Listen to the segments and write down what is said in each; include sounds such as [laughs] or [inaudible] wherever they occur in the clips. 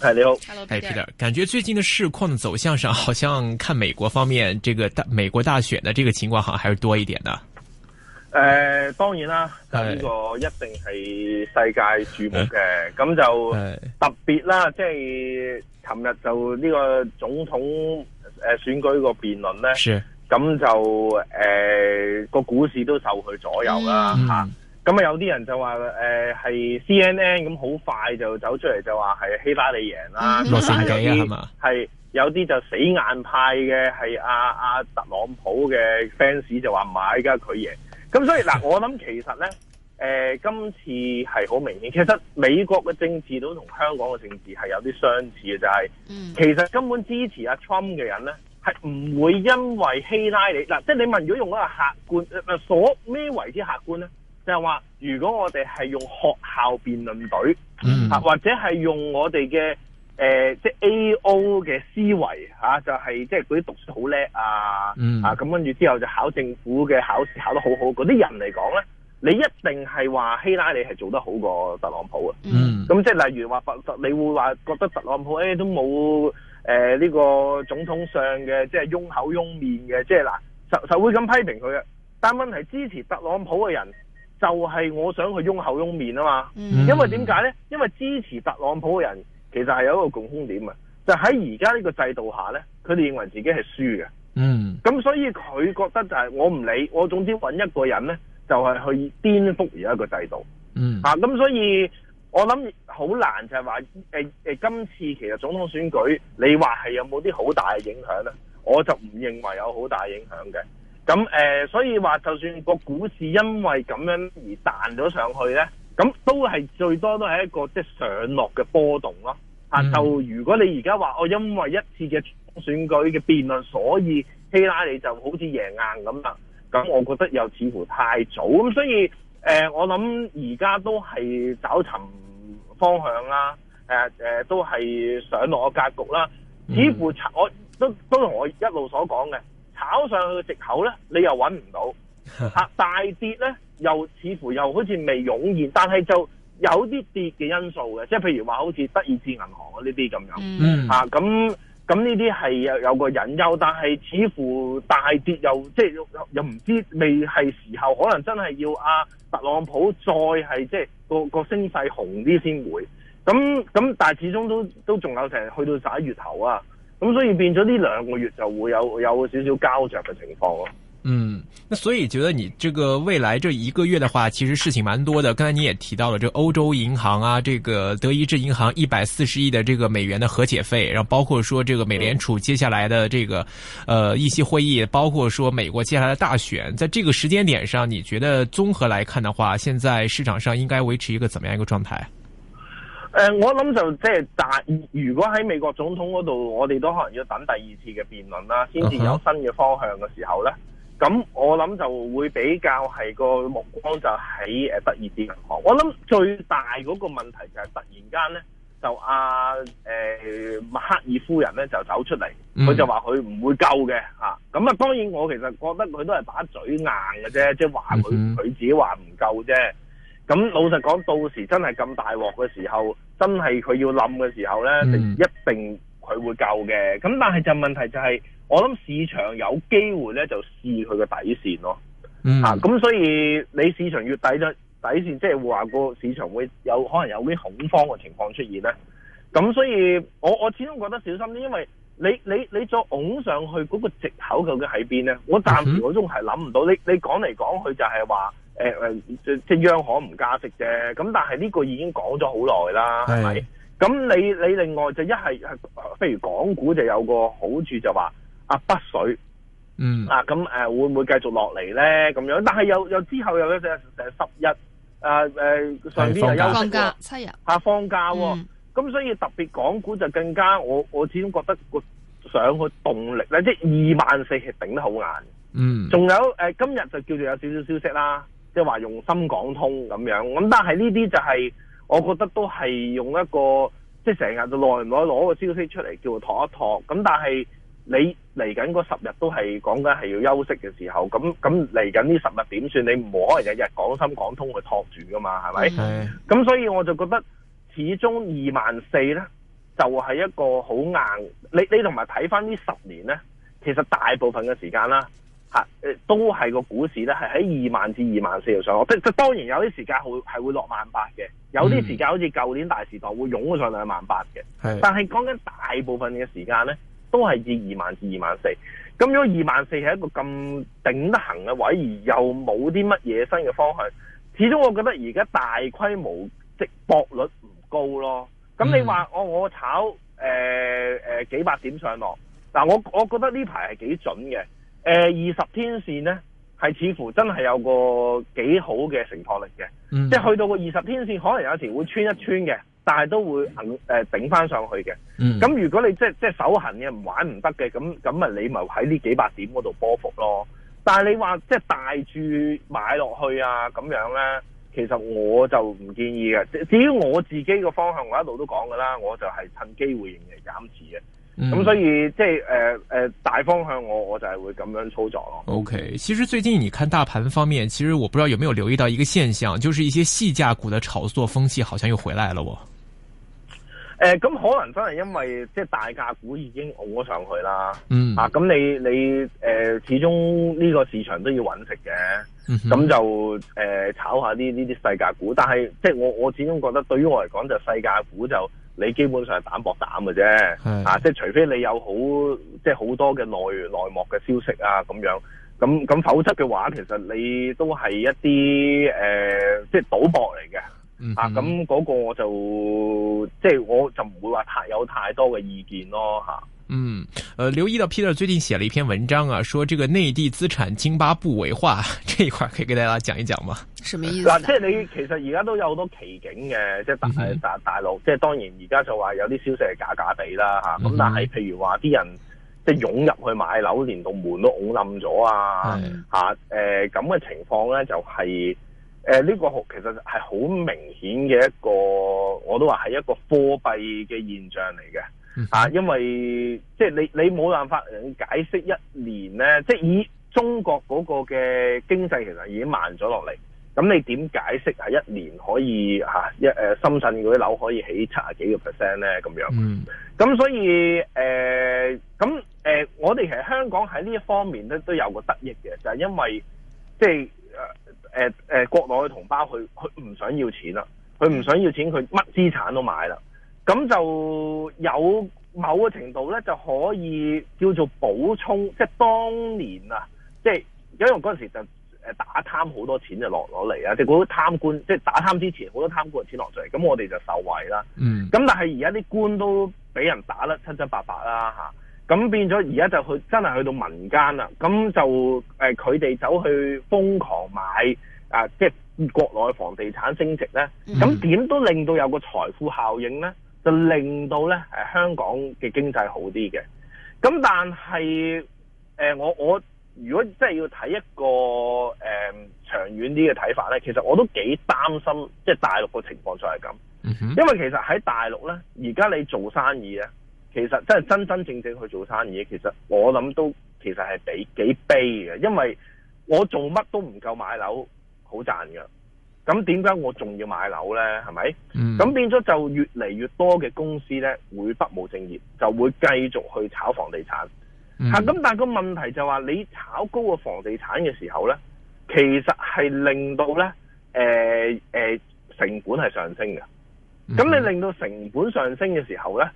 嗨、hey，你好，哎 Peter，感覺最近的市況走向上，好像看美國方面這個大美國大選的這個情況，好像還是多一點的。誒、呃，當然啦，呢個一定係世界注目嘅，咁就特別啦，即係琴日就呢、是、個總統誒選舉個辯論呢咧，咁就誒個、呃、股市都受佢左右啦。嗯嗯咁啊，有啲人就話誒係 C N N 咁好快就走出嚟就話係希拉里贏啦、嗯嗯，有啲係有啲就死硬派嘅係阿阿特朗普嘅 fans 就話唔係，而家佢贏。咁所以嗱、呃，我諗其實咧，誒、呃、今次係好明顯，其實美國嘅政治都同香港嘅政治係有啲相似嘅，就係、是嗯、其實根本支持阿 Trump 嘅人咧，係唔會因為希拉里嗱、呃，即係你問如果用嗰個客觀、呃、所咩為之客觀咧？就係、是、話，如果我哋係用學校辯論隊嚇，或者係用我哋嘅誒，即係 A.O. 嘅思維嚇、啊，就係即係嗰啲讀書好叻啊，嗯、啊咁跟住之後就考政府嘅考試考得好好嗰啲人嚟講咧，你一定係話希拉里係做得好過特朗普啊。咁、嗯、即係例如話特，你會話覺得特朗普誒、哎、都冇誒呢個總統上嘅，即係擁口擁面嘅，即係嗱，就就會咁批評佢嘅。但問題是支持特朗普嘅人。就係、是、我想去擁口擁面啊嘛、嗯，因為點解咧？因為支持特朗普嘅人其實係有一個共通點啊，就喺而家呢個制度下咧，佢哋認為自己係輸嘅。嗯，咁所以佢覺得就係、是、我唔理，我總之揾一個人咧，就係、是、去顛覆而家個制度。嗯，嚇、啊、咁所以我諗好難就係話誒誒今次其實總統選舉，你話係有冇啲好大嘅影響咧？我就唔認為有好大嘅影響嘅。咁誒、呃，所以話就算個股市因為咁樣而彈咗上去咧，咁都係最多都係一個即係、就是、上落嘅波動咯。啊、嗯，就如果你而家話我因為一次嘅選舉嘅辯論，所以希拉里就好似贏硬咁啦，咁我覺得又似乎太早。咁所以誒、呃，我諗而家都係找尋方向啦，誒、呃呃、都係上落嘅格局啦。似乎、嗯、我都都同我一路所講嘅。炒上去嘅藉口咧，你又揾唔到嚇、 [laughs] 啊，大跌咧，又似乎又好似未湧現，但係就有啲跌嘅因素嘅，即係譬如話好似德意志銀行些、嗯、啊呢啲咁樣嚇，咁咁呢啲係有個隱憂，但係似乎大跌又即係又又唔知道未係時候，可能真係要阿、啊、特朗普再係即係個個聲勢紅啲先會，咁咁但係始終都都仲有成日去到十一月頭啊。咁所以變咗呢兩個月就會有有，有少少交集嘅情況咯。嗯，那所以覺得你這個未來這一個月的話，其實事情蠻多的。剛才你也提到了，這歐洲銀行啊，這個德意志銀行一百四十億的這個美元的和解費，然後包括說這個美聯儲接下來的這個，呃，議息會議，包括說美國接下來的大選，在這個時間點上，你覺得綜合來看的話，現在市場上應該維持一個怎麼樣一個狀態？誒、呃，我諗就即係但如果喺美國總統嗰度，我哋都可能要等第二次嘅辯論啦，先至有新嘅方向嘅時候呢。咁我諗就會比較係個目光就喺誒德意志銀行。我諗最大嗰個問題就係突然間呢，就阿誒默克爾夫人呢就走出嚟，佢、嗯、就話佢唔會救嘅吓。咁啊，那當然我其實覺得佢都係把嘴硬嘅啫，即係話佢佢自己話唔救啫。咁老實講，到時真係咁大鑊嘅時候，真係佢要冧嘅時候呢，就一定佢會救嘅。咁、嗯、但係就問題就係、是，我諗市場有機會呢，就試佢個底線咯。咁、嗯啊、所以你市場越底咗底線，即係話個市場會有可能有啲恐慌嘅情況出現呢。咁所以我，我我始終覺得小心啲，因為。你你你再拱上去嗰，那個藉口，究竟喺邊咧？我暫時我仲係諗唔到。你你講嚟講去就係話誒誒，即，呃、係、就是，央行唔加息啫。咁但係呢個已經講咗好耐啦，係咪？咁你你另外就一係係，譬如港股就有個好處就話啊，北水嗯啊咁誒，啊，會唔會繼續落嚟咧？咁樣，但係又又之後又有成成十一啊誒，上邊又休放假七日啊放假。啊放假哦嗯咁所以特別港股就更加我，我我始終覺得個上個動力，嗱即係二萬四係頂得好硬。嗯。仲有誒、呃，今日就叫做有少少消息啦，即係話用心港通咁樣。咁但係呢啲就係我覺得都係用一個即係成日就耐唔耐攞個消息出嚟叫做托一托。咁但係你嚟緊嗰十日都係講緊係要休息嘅時候，咁咁嚟緊呢十日點算？你唔可能日日講心港通去托住噶嘛？係咪？係。咁所以我就覺得。始終二萬四咧，就係一個好硬。你你同埋睇返呢十年咧，其實大部分嘅時間啦，吓，誒，都係個股市咧係喺二萬至二萬四度上落即即當然有啲時間係會係會落萬八嘅，有啲時間好似舊年大時代會湧上兩萬八嘅。但係講緊大部分嘅時間咧，都係以二萬至二萬四。咁如果二萬四係一個咁頂得行嘅位，而又冇啲乜嘢新嘅方向，始終我覺得而家大規模即搏率。高咯，咁你話、嗯、我，我炒誒誒、呃呃、幾百點上落，嗱、呃、我我覺得呢排係幾準嘅，誒二十天線咧係似乎真係有個幾好嘅承托力嘅、嗯，即係去到個二十天線可能有時會穿一穿嘅，但係都會行誒頂翻上去嘅，咁、嗯、如果你即係即係手痕嘅，唔玩唔得嘅，咁咁你咪喺呢幾百點嗰度波幅咯，但係你話即係大注買落去啊咁樣咧？其實我就唔建議嘅，至於我自己個方向，我一路都講噶啦，我就係趁機會嚟減持嘅。咁、嗯、所以即係誒誒大方向我，我我就係會咁樣操作咯。OK，其實最近你看大盤方面，其實我不知道有沒有留意到一個現象，就是一些細價股的炒作風氣好像又回來了，我。誒、呃，咁可能真係因為即係大價股已經戇咗上去啦，嗯啊，咁你你誒、呃，始終呢個市場都要揾食嘅，咁、嗯、就誒、呃、炒下啲呢啲細價股，但係即係我我始終覺得對於我嚟講就細價股就你基本上係膽搏膽嘅啫，啊，即係除非你有好即係好多嘅內內幕嘅消息啊咁樣，咁咁否則嘅話其實你都係一啲誒、呃、即係賭博嚟嘅。嗯啊，咁嗰個我就、嗯、即係我就唔會話太有太多嘅意見咯吓。嗯，誒、呃，留意到啊，Peter 最近寫了一篇文章啊，說這個內地資產津巴布韋化這一塊，可以給大家講一講嗎？什麼意思、啊啊？即係你其實而家都有好多奇景嘅，即係大、嗯、大大陸，即係當然而家就話有啲消息係假假地啦吓。咁、啊、但係譬如話啲人即係湧入去買樓，連到門都拱冧咗啊吓。誒咁嘅情況咧就係、是。誒、呃、呢、這個好其實係好明顯嘅一個，我都話係一個貨幣嘅現象嚟嘅嚇，因為即係你你冇辦法解釋一年咧，即係以中國嗰個嘅經濟其實已經慢咗落嚟，咁你點解釋係一年可以嚇、啊、一誒、啊、深圳嗰啲樓可以起七十幾個 percent 咧咁樣？嗯，咁所以誒咁誒，我哋其實香港喺呢一方面咧都有個得益嘅，就係、是、因為即係。誒誒，國內嘅同胞去去唔想要錢啦，佢唔想要錢，佢乜資產都買啦，咁就有某個程度咧，就可以叫做補充，即係當年啊，即係因為嗰陣時就誒打貪好多錢就落落嚟啊，即係好多貪官，即係打貪之前好多貪官嘅錢落嚟，咁我哋就受惠啦。嗯，咁但係而家啲官都俾人打得七七八八啦嚇，咁變咗而家就去真係去到民間啦，咁就誒佢哋走去瘋狂買。啊，即係國內房地產升值咧，咁點都令到有個財富效應咧，就令到咧誒香港嘅經濟好啲嘅。咁但係誒我我如果即係要睇一個誒長遠啲嘅睇法咧，其實我都幾擔心，即係大陸個情況就係咁。因為其實喺大陸咧，而家你做生意咧，其實真係真真正正去做生意，其實我諗都其實係比幾悲嘅，因為我做乜都唔夠買樓。好賺㗎，咁點解我仲要買樓呢？係咪？咁、mm. 變咗就越嚟越多嘅公司呢，會不務正業，就會繼續去炒房地產。吓，咁但係個問題就話、是，你炒高個房地產嘅時候呢，其實係令到呢誒誒，成本係上升嘅。咁、mm. 你令到成本上升嘅時候呢，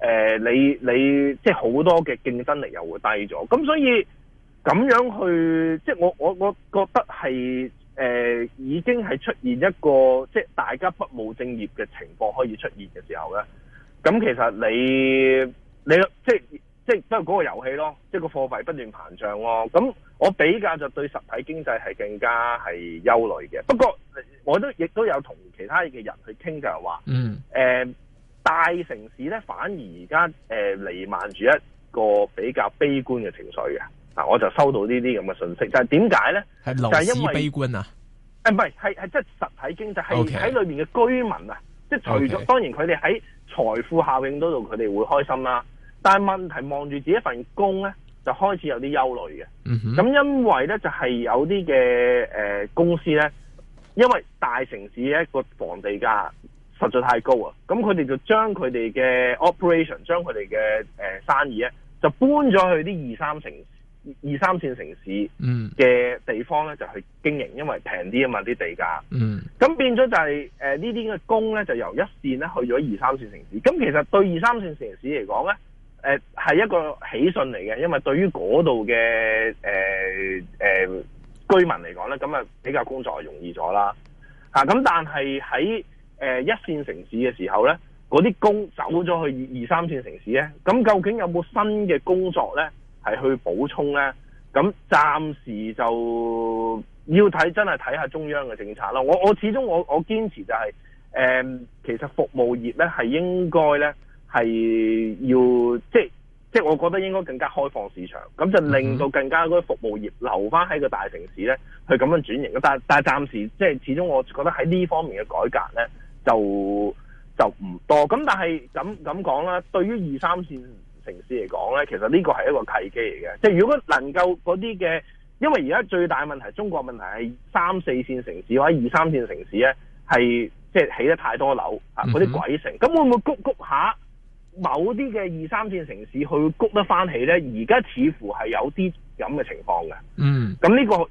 誒、呃、你你即係好多嘅競爭力又會低咗。咁所以咁樣去，即係我我我覺得係。誒、呃、已經係出現一個即係大家不務正業嘅情況，可以出現嘅時候咧，咁其實你你即係即係不過嗰個遊戲咯，即係個貨幣不斷膨脹咯，咁我比較就對實體經濟係更加係憂慮嘅。不過我都亦都有同其他嘅人去傾就係話，嗯，誒、呃、大城市咧，反而而家誒瀰漫住一個比較悲觀嘅情緒嘅。嗱，我就收到呢啲咁嘅信息，但係點解咧？就係因為悲觀啊，誒、就是，唔係係係即係實體經濟係喺裏面嘅居民啊，即係除咗、okay. 當然佢哋喺財富效應嗰度，佢哋會開心啦。但係問題望住自己一份工咧，就開始有啲憂慮嘅。咁、mm-hmm. 因為咧就係有啲嘅誒公司咧，因為大城市一個房地價實在太高啊，咁佢哋就將佢哋嘅 operation，將佢哋嘅誒生意咧就搬咗去啲二三城市。二三線城市嘅地方咧就去經營，因為平啲啊嘛啲地價。嗯、就是，咁變咗就係誒呢啲嘅工咧就由一線咧去咗二三線城市。咁其實對二三線城市嚟講咧，誒、呃、係一個喜訊嚟嘅，因為對於嗰度嘅誒誒居民嚟講咧，咁啊比較工作容易咗啦。嚇、啊，咁但係喺誒一線城市嘅時候咧，嗰啲工走咗去二三線城市咧，咁究竟有冇新嘅工作咧？係去補充咧，咁暫時就要睇，真係睇下中央嘅政策啦。我我始終我我堅持就係，誒，其實服務業咧係應該咧係要即即我覺得應該更加開放市場，咁就令到更加嗰啲服務業留翻喺個大城市咧去咁樣轉型。但但係暫時即係始終我覺得喺呢方面嘅改革咧就就唔多。咁但係咁咁講啦，對於二三線。城市嚟講呢，其實呢個係一個契機嚟嘅，即係如果能夠嗰啲嘅，因為而家最大問題，中國問題係三四線城市或者二三線城市呢，係即係起得太多樓啊，嗰啲鬼城，咁、mm-hmm. 會唔會谷谷下某啲嘅二三線城市去谷得翻起呢？而家似乎係有啲咁嘅情況嘅，嗯，咁呢個。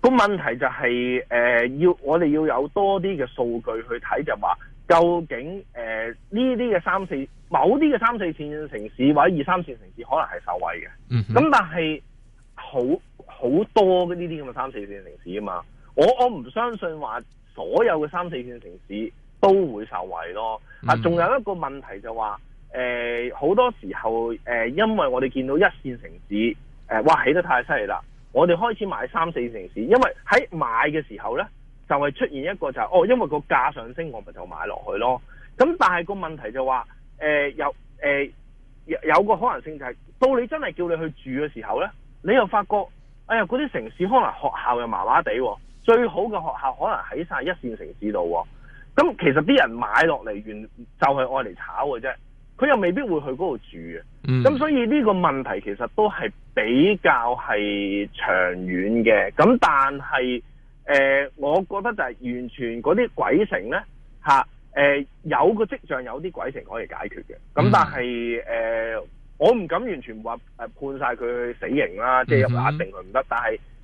個問題就係、是、誒、呃，要我哋要有多啲嘅數據去睇，就話究竟誒呢啲嘅三四某啲嘅三四線城市或者二三線城市可能係受惠嘅。咁、嗯、但係好好多嘅呢啲咁嘅三四線城市啊嘛，我我唔相信話所有嘅三四線城市都會受惠咯。啊、嗯，仲有一個問題就話誒好多時候誒、呃，因為我哋見到一線城市嘩、呃，哇起得太犀利啦！我哋開始買三四城市，因為喺買嘅時候呢，就係、是、出現一個就係、是、哦，因為個價上升，我咪就買落去咯。咁但係個問題就話、是，誒、呃，有、呃、誒、呃、有個可能性就係、是，到你真係叫你去住嘅時候呢，你又發覺，哎呀，嗰啲城市可能學校又麻麻地，最好嘅學校可能喺晒一線城市度。咁、嗯、其實啲人買落嚟，原就係愛嚟炒嘅啫。佢又未必會去嗰度住嘅，咁、嗯、所以呢個問題其實都係比較係長遠嘅。咁但係誒、呃，我覺得就係完全嗰啲鬼城咧嚇誒，有個跡象有啲鬼城可以解決嘅。咁但係誒、嗯呃，我唔敢完全話誒判晒佢死刑啦，即係一定佢唔得，但係。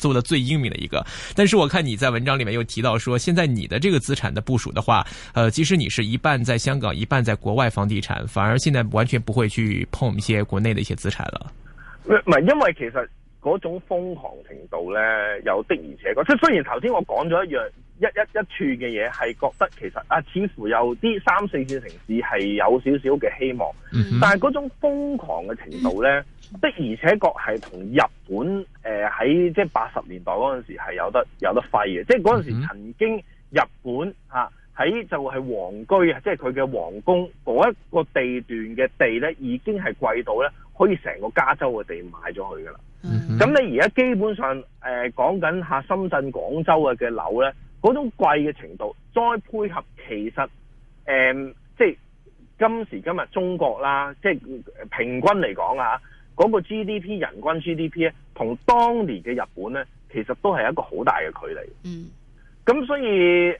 做的最英明的一個，但是我看你在文章裏面又提到說，現在你的這個資產的部署的話，呃，即使你是一半在香港，一半在國外房地產，反而現在完全不會去碰一些國內的一些資產了。唔，唔，因為其實嗰種瘋狂程度咧，有的而且講，即雖然頭先我講咗一樣。一一一處嘅嘢係覺得其實啊，似乎有啲三四綫城市係有少少嘅希望，嗯、但係嗰種瘋狂嘅程度咧、嗯呃，的而且確係同日本誒喺即係八十年代嗰陣時係有得有得揮嘅、嗯，即係嗰陣時曾經日本吓喺就係皇居啊，就是、居即係佢嘅皇宮嗰一個地段嘅地咧，已經係貴到咧可以成個加州嘅地買咗佢噶啦。咁、嗯、你而家基本上誒講、呃、緊下深圳、廣州嘅嘅樓咧。嗰種貴嘅程度，再配合其實誒、嗯，即今時今日中國啦，即平均嚟講啊，嗰、那個 GDP 人均 GDP 咧，同當年嘅日本咧，其實都係一個好大嘅距離。嗯。咁所以誒，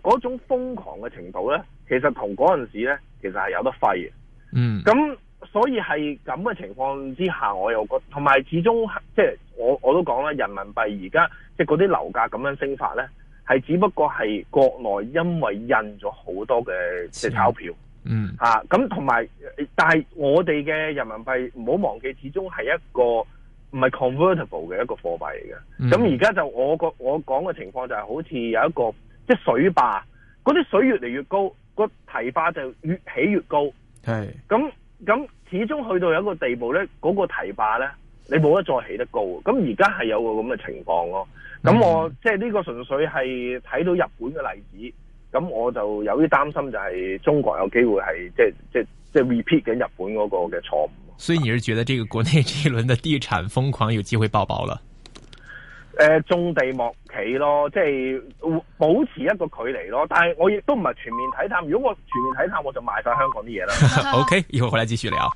嗰、呃、種瘋狂嘅程度咧，其實同嗰陣時咧，其實係有得揮嘅。嗯。咁所以係咁嘅情況之下，我又覺得，同埋始終即係我我都講啦，人民幣而家即係嗰啲樓價咁樣升法咧。係只不過係國內，因為印咗好多嘅即鈔票，嗯吓咁同埋，但係我哋嘅人民幣唔好忘記，始終係一個唔係 convertible 嘅一個貨幣嚟嘅。咁而家就我個我講嘅情況就係好似有一個即係、就是、水壩，嗰啲水越嚟越高，個堤壩就越起越高。係咁咁，始終去到有一個地步咧，嗰、那個堤壩咧。你冇得再起得高，咁而家係有個咁嘅情況咯。咁我即係呢個純粹係睇到日本嘅例子，咁我就有啲擔心就係中國有機會係即係即係即係 repeat 緊日本嗰個嘅錯誤。所以你係覺得呢個國內呢一輪嘅地產瘋狂有機會爆爆啦？誒、呃，種地莫企咯，即係保持一個距離咯。但係我亦都唔係全面睇淡，如果我全面睇淡，我就賣晒香港啲嘢啦。 [laughs] OK，以後回來繼續聊。